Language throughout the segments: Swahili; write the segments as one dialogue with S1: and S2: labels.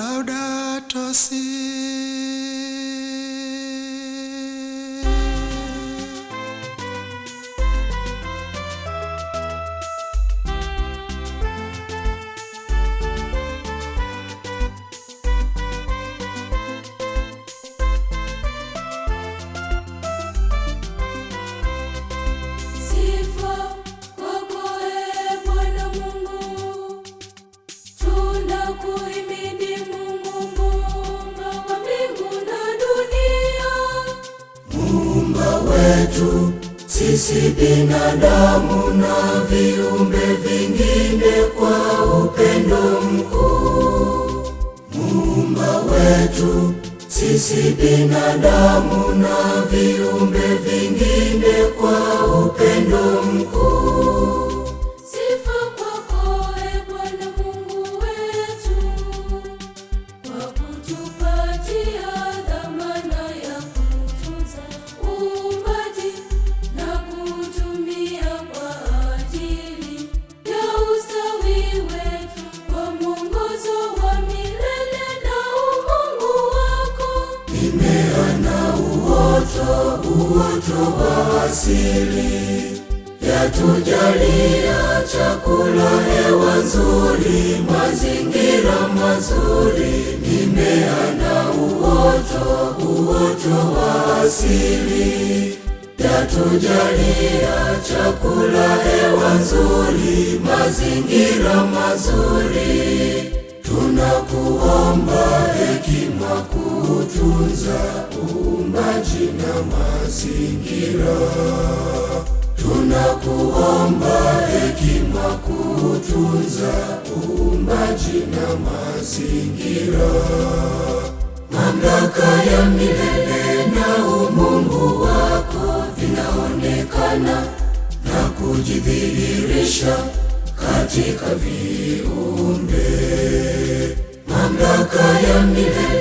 S1: Laudato Si.
S2: yetu sisi binadamu na viumbe vingine kwa upendo mkuu. Muumba wetu sisi binadamu na viumbe vingine kwa upendo mkuu. Nimeona uoto, uoto wa asili, yatujalia chakula, hewa nzuri, mazingira mazuri. Nimeona uoto, uoto wa asili, yatujalia chakula, hewa nzuri, mazingira mazuri, tunakuomba tunajifunza uumbaji na mazingira. Tunakuomba hekima kutunza uumbaji na mazingira. Mamlaka ya milele na umungu wako vinaonekana na kujidhihirisha katika viumbe. Mamlaka ya milele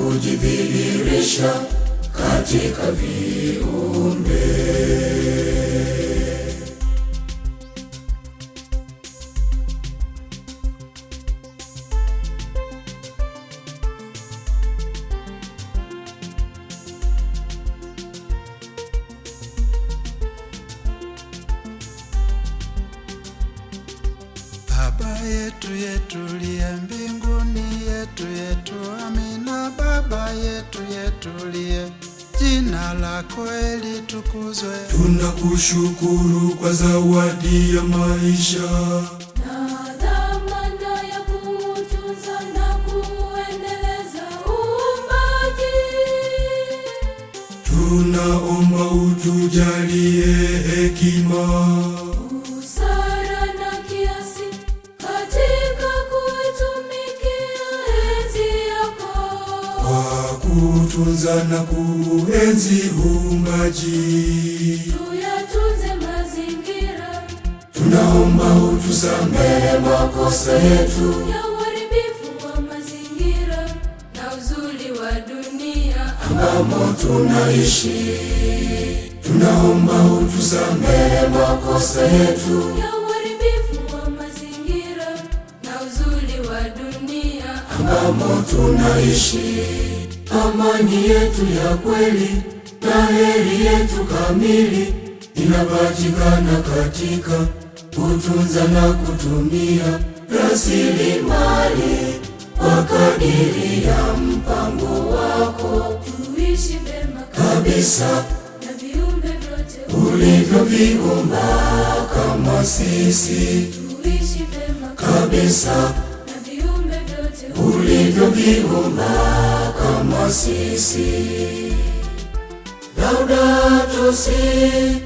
S2: kujidhihirisha katika viumbe.
S3: Baba yetu yetu liye mbingu yetu yetu, Amina baba yetu yetuliye, jina lako litukuzwe.
S2: Tunakushukuru kwa zawadi ya maisha Tunaomba utujalie hekima tunza na kuenzi umbaji.
S1: Tuyatunze mazingira,
S2: tunaomba utusamehe makosa yetu
S1: ya uharibifu wa mazingira na uzuri wa dunia
S2: ambamo tunaishi. Tunaomba utusamehe makosa yetu
S1: ya uharibifu wa mazingira na uzuri wa dunia
S2: ambamo tunaishi. Amani yetu ya kweli na heri yetu kamili inapatikana katika kutunza na kutumia rasilimali kwa kadiri ya mpango wako.
S1: Tuishi vema
S2: kabisa
S1: na viumbe vyote
S2: ulivyoviumba kama sisi.
S1: Tuishi vema
S2: kabisa ulivyoviumba kama sisi. Laudato si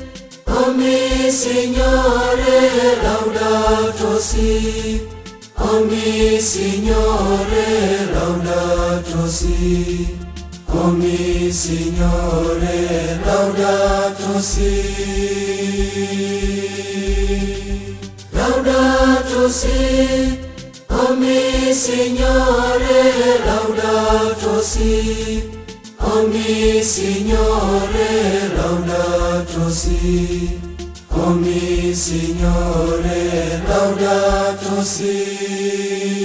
S2: o mi Signore, laudato si o Signore, laudato si o Signore, laudato si laudato si Oh mi Signore laudato si Oh mi Signore laudato si Oh Signore laudato si